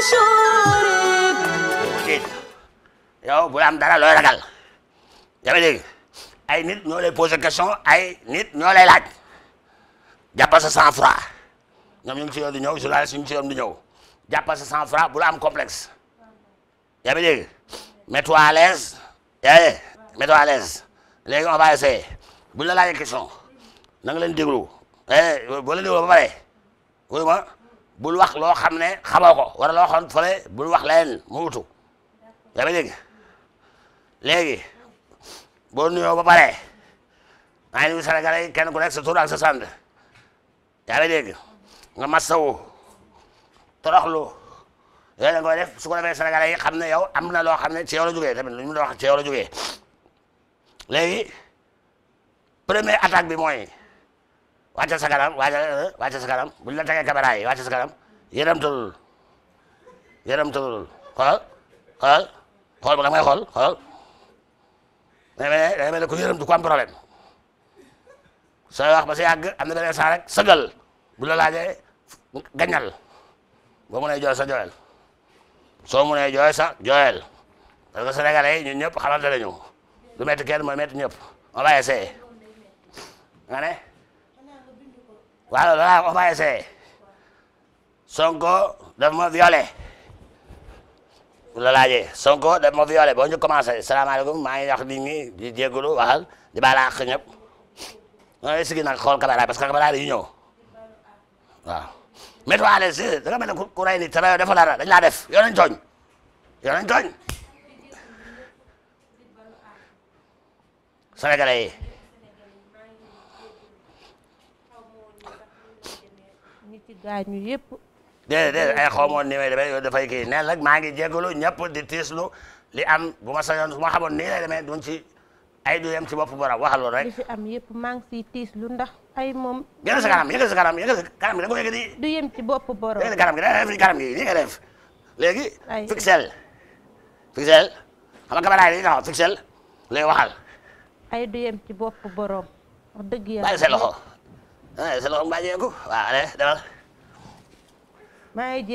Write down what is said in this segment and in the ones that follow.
déet yow bu la am dara looy ragal yaa ngi dégg ay nit ñoo lay posé question ay nit ñoo lay laaj jàppal sa cent franc ñoom ñu ngi si yoon di ñëw journaliste ñu si yoon di ñëw jàppal sa cent franc bu la am complexe yaa ngi dégg mets-toi à l'aise yaa mets-toi à l'aise léegi on va essayer bu la laajee question na nga leen déglu eh, boo leen déglu ba pare wóoruma. bul wax loo xam ne xamoo ko wala loo xam fële bul wax leen mu utu yaa ngi dégg léegi boo nuyoo ba pare maa ngi nuyu yi kenn ku sa tur ak sa sant yaa ngi dégg nga masawu toroxlu yooyu la nga koy def su ko defee Sénégalais yi xam ne yow am na loo xam ne ci yow la jógee tamit lu ñu la wax ci yow la jógee léegi premier attaque bi mooy. wàcce sa kanam wàcce sa kanam buñ la tegee caméra yi wàcce sa kanam yërëmtul yërëmtul xool xool xool ba nga may xool xool da mel ne ku yërëmtu ku am problème sooy wax ba si yàgg am na beneen saa rek sëgal bu la laajee gañal boo mënee jooy sa jooyal soo mënee jooy sa jooyal parce que Sénégalais ñun ñëpp xamante nañu lu métti kenn mooy métti ñëpp on va essayer nga ne. waaw loolaa ko fa essayé Sonko daf ma violé loolaa jee Sonko daf ma violé boo ñu commencé salaamaaleykum maa ngi wax nit ñi di jégalu waxal di baal àq ñëpp ma ngi sigi nag xool caméra parce que caméra dañuy ñëw waaw météo à si da nga mel ne ku rey nit te reyoo laa def yow nañ tooñ yow nañ tooñ sénégalais yi ñi ci gaañu yëpp. déedéet déedéet ay xamoon dafay kii neen nag maa ngi jégalu ñëpp di tiislu li am bu ma sañoon su ma xamoon nii lay demee duñ ci ay du yem ci bopp borom waxal loolu fi am yëpp maa ngi siy tiislu ndax ay moom. yëngal sa kanam yëngal sa kanam yëngal di. du yem ci bopp borom yëngal kanam gi da ngay kanam gi nii nga def léegi. ay fixel du yem ci bopp borom. wax dëgg yàlla bàyyi sa loxo. sa loxo mbaa jeeku waaw allez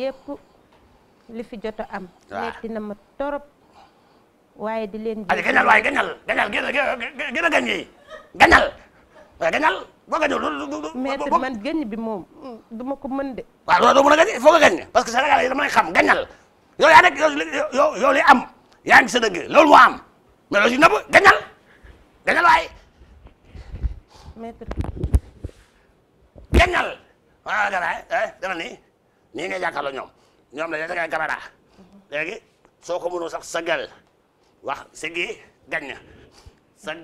yépp li fi jot am metti na ma torop waaye di leen allez gañal waaye gañal gañal gën a gañ yi gañal waaye gañal boo gañul mais man gañ bi moom duma ko mën de waaw doo mën a gañ foo ko gañ parce que Sénégal yi dama lay xam gañal yow yaa nekk yow yow li am yaa ngi sa dëgg loolu moo am mais loolu si nëbb gañal gañal waaye maître. jàngal. waaw dara eh, dama ni nii ngay jàkkaarloo ñoom ñoom dañuy tegal caméra. léegi soo ko mënoo sax sagal wax sigi gañ na sag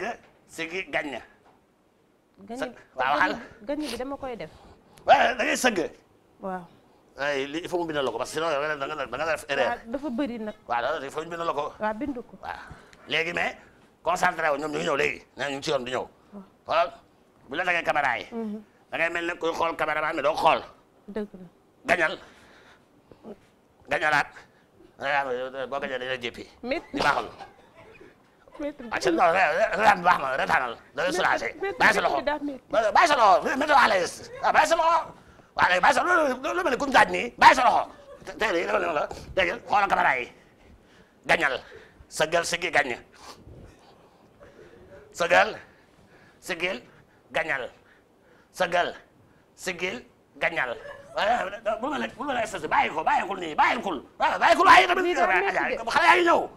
sigi gañ na. gañ waaw waxal bi dama koy def. waaw da ngay sëgg. waaw. li il mu bindal la ko parce que sinon dafa bëri nag. waaw il faut ñu bindal la ko. waaw bindu ko. waaw léegi mais concentré ñoom ñu ñëw léegi nee ñu ngi ci yoon di ñëw. bu la dagee caméra yi. Mhm. da ngay mel ne kuy xool caméra ba am ne doo xool. dëgg la gañal gañalaat boo gañal dañu la jéppi. métti di baaxul. métti bi ah si non retaan baax na retaanal da ngay soulager. bàyyi sa loxo bàyyi sa loxo météo à l'aise ah bàyyi sa loxo waaw léegi bàyyi sa loxo lu mel ni ku mu daaj nii bàyyi sa loxo. tey de dama ne la dégg nga xoolal caméra yi gañal sa gël sa gi gañ sa gël sa gël gañal sëgal sigil gañal bu ma la bu ma la stressé bàyyi ko bàyyi kul nii bàyyi kul waaw bàyyi kul waaye tamit xale yaa ngi ñëw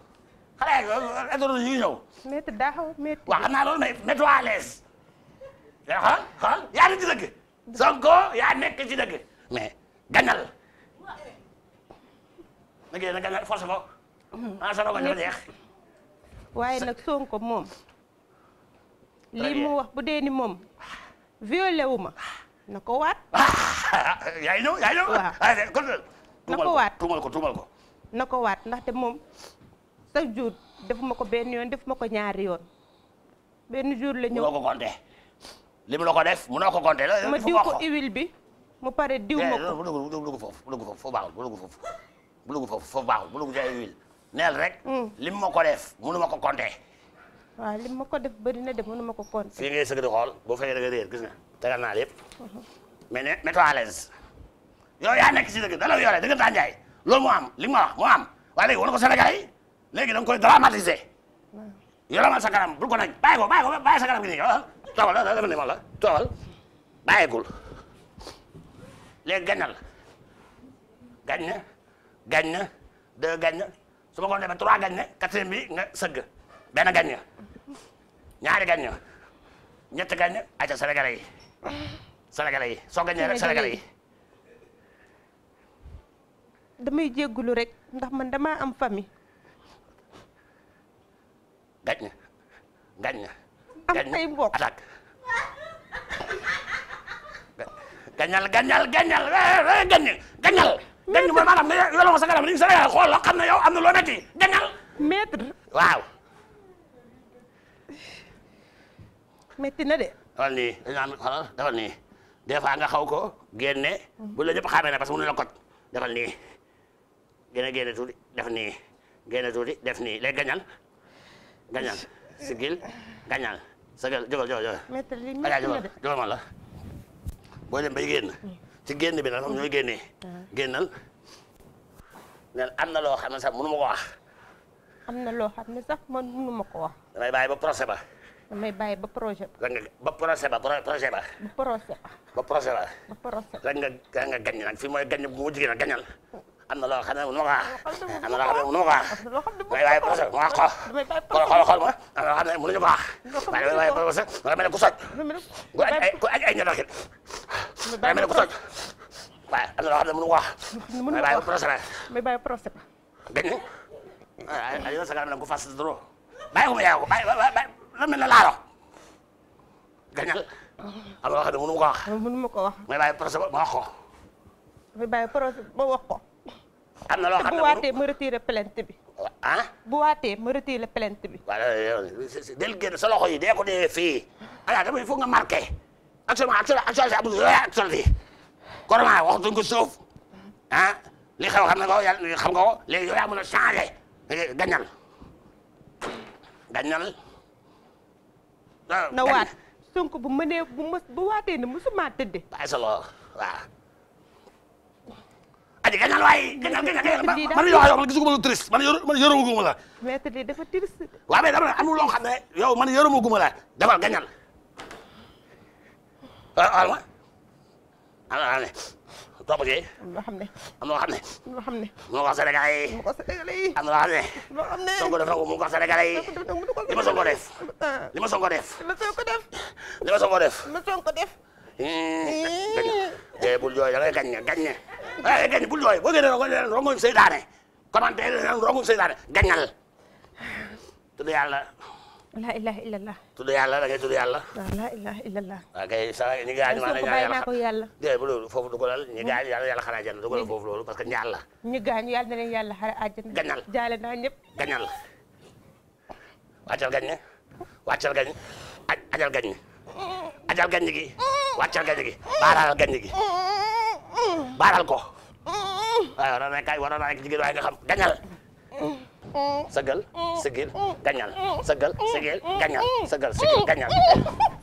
xale yaa ngi internet yi ñëw. métti daaw métti. waaw xam naa loolu mais métti waa à l'aise. yaa xam xam yaa ngi ci dëgg. Sonko yaa nekk ci dëgg. mais gañal. nag yéen a gañal force ko. Mm-hmm. ah sa roba dafa jeex. waaye nag Sonko moom. lii mu wax bu dee ni moom violé wu ma na ko waat. yaay ñëw yaay ñëw. waaw na ko waat tuumal ko tuumal ko. na ko waat ndaxte moom chaque jour defuma ko benn yoon defuma ko ñaari yoon benn jour la ñëw. munoo ko compter li mu la ko def munoo ko compter. ma diw ko huile bi mu pare diw ma eh, ko. bu dugg foofu bu dugg foofu foofu baaxul bu dugg foofu bu dugg foofu foofu baaxul bu dugg ci ay huile neel rek. Mm. li mu ma ko def munuma ko compter. waa li ma ko def bëri na de mënu ma ko compter. fii ngay sëg di xool boo fekkee da nga réer gis nga tegal naa lépp. Mhm. mais ne mets-toi nekk si dëgg da la yore dëgg taa njaay loolu moo am li ma wax moo am ko Sénégal yi léegi koy dramatiser. yoramal sa kanam bul ko nañ bàyyi ko bàyyi ko bàyyi nii ah toogal la ah, dama ne ma la toogal bàyyeekul léegi gañal gañ na gañ na deux gañ na ko defee trois gañ na quatrième bi nga sëgg benn gañ ñaari gañño ñetti gañño ayca sénégalais yi sénégalais yi soo gaññee rek sénégalais yi damay jéggulu rek ndax man dama am famille gañña gañña am ay mbokk attaque gañal gañal gañal eh, eh, gaññ mooy maanaam nga sa garam am na loo metti na de. xoolal nii dañu naan xoolal defal nii des nga xaw ko génne. Mhm. bu la ñëpp xaamee na parce que mënu la kot defal nii génne génne tuuti def nii génne tuuti def nii léegi gañal gañal sigil gañal sagal jógal jógal jógal. metti li metti na de jógal man la boo dem bay génn. Mhm. ci génn bi nag moom ñooy génnee. Mhm. génnal ne am na loo xam ne sax mënu ma ko wax. am na loo xam ne sax man mënu ma ko wax. damay bàyyi ba procès ba. damay bàyyi ba projet ba. la nga ba projet ba projet ba. ba projet ba. ba projet ba. ba projet ba. la nga la nga gañ nag fii mooy gañ bu ma jigéen a gañal am na loo xam ne mënu ma ko am na loo xam ne mënu ma ko waaye projet bi ma ko xool xool xool ma am na loo xam ne mënuñu ko waaye waaye projet ma mel ne ku soj. ku aj ay ku aj ay ñebe ak ma mel ne ku soj waaye am na loo xam ne mënu ko waaye waaye projet ba. may bàyyi projet ba. gañ ni ah yow sa kanam nag ku fas doro bàyyi ko mu yaa ko bàyyi bàyyi. la la laa euh. wax gañal. am na wax dëgg mënu ma ko wax. mënu ma ko wax. may bàyyi procès ba ma wax ko. may bàyyi procès ba wax ko. am na loo xam ne bu waatee ma retiré plainte bi. ah. bu waatee ma retiré plainte bi. waaw yow del génn sa loxo yi dee ko dee fii ala dama il faut nga marqué actuellement actuellement amul yooyu actuel fii. corona waxatuñ ko suuf ah li xew xam na ko yàlla xam nga ko léegi yooyu amul a changé gañal gañal. na waat Sonko bu mënee bu mës bu waatee ne mësuma tëdde bàyyi sa loxo aji gañal waay gañal gañal man yow guma la maître li dafa triste waa mais dama amul loo xam ne yow man yërëmu guma la defal gañal waaw topp ci. am na xam ne. am na xam ne. am na xam ne. moo ko Sénégalais yi. moo ko Sénégalais yi. am na xam ne. moo xam ne Sonko def na ko moo ko Sénégalais yi. li ma Sonko def. li ma Sonko def. li ma Sonko def. li ma Sonko def. li ma Sonko def. gañ bul jooy da ngay gañ ne gañ ne eh, da gañ bul jooy boo génnee rongoñ leen rongoñ seytaane commentaire leen rongoñ seytaane gañal tudd yàlla la ilaha illallah. tudd yàlla da ngay tudd yàlla. waaw la ilaha illallah. waaw kay sa ñi gaañu ko yàlla. déedéet bu loolu foofu du ko lal ñi gaañu yàlla yàlla xaraa foofu loolu parce que ñaar la. ñi gaañu yàlla na leen naa ñëpp. gañal wàccal gañ ne wàccal ajal gañ ajal gañ gi wàccal ko waaw waroon naa kay naa nekk jigéen gañal sagal mm. sigil mm. gañal mm. sagal sigil gañal sagal sigil gañal